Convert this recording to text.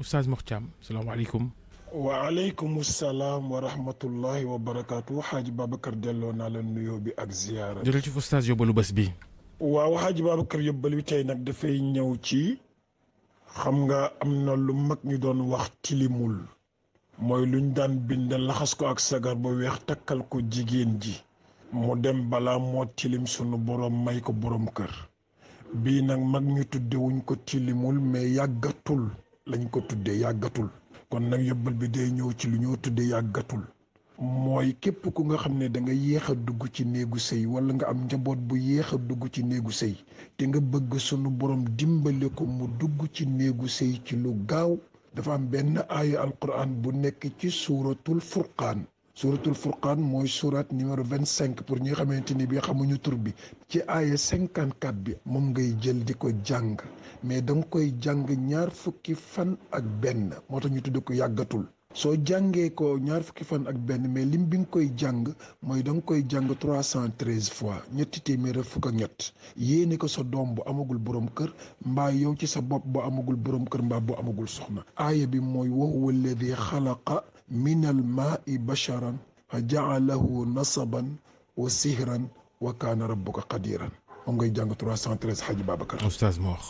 Oustaz Mor Thiam salaamaaleykum. waaleykum salaam wa rahmatullahi wa barakaatu Xaaji Babacar delloo naa la nuyoo bi ak ziyaara. jërëjëf Oustaz yóbbalu bés bi. waaw Xaaji Babacar yóbbal wi tey nag dafay ñëw ci. xam nga am na lu mag ñu doon wax tilimul. mooy luñ daan bind laxas ko ak sagar bu weex takkal ko jigéen ji. mu dem balaa moo tilim sunu boroom may ko borom kër. bii nag mag ñu tuddewuñ ko tilimul mais yàggatul. lañ ko tuddee yàggatul kon nag yóbbal bi dee ñëw ci lu ñoo tudde yàggatul mooy képp ku nga xam ne da nga yéex a dugg ci néegu sëy wala nga am njaboot bu yéex a dugg ci néegu sëy te nga bëgg sunu borom dimbali ko mu dugg ci néegu sëy ci lu gaaw dafa am benn aaya alquran bu nekk ci suuratul furqaan suratul furqaan mooy surat numéro vingt cinq pour ñi xamante ni bi xamuñu tur bi ci aaya cinquante quatre bi moom ngay jël di ko jàng mais danga koy jàng ñaar fukki fan ak benn moo tax ñu tudd ko yàggatul soo jàngee ko ñaar fukki fan ak benn mais lim bi nga koy jàng mooy danga koy jàng cent treize fois ñetti téeméer ak fukk ñett yéene ko sa doom bu amagul borom kër mbaa yow ci sa bopp boo amagul borom kër mbaa bu amagul soxna aaya bi mooy wa huwa alladi من الماء بشرا فجعله نصبا وسهرا وكان ربك قديرا 313 xaji بابكر استاذ موخ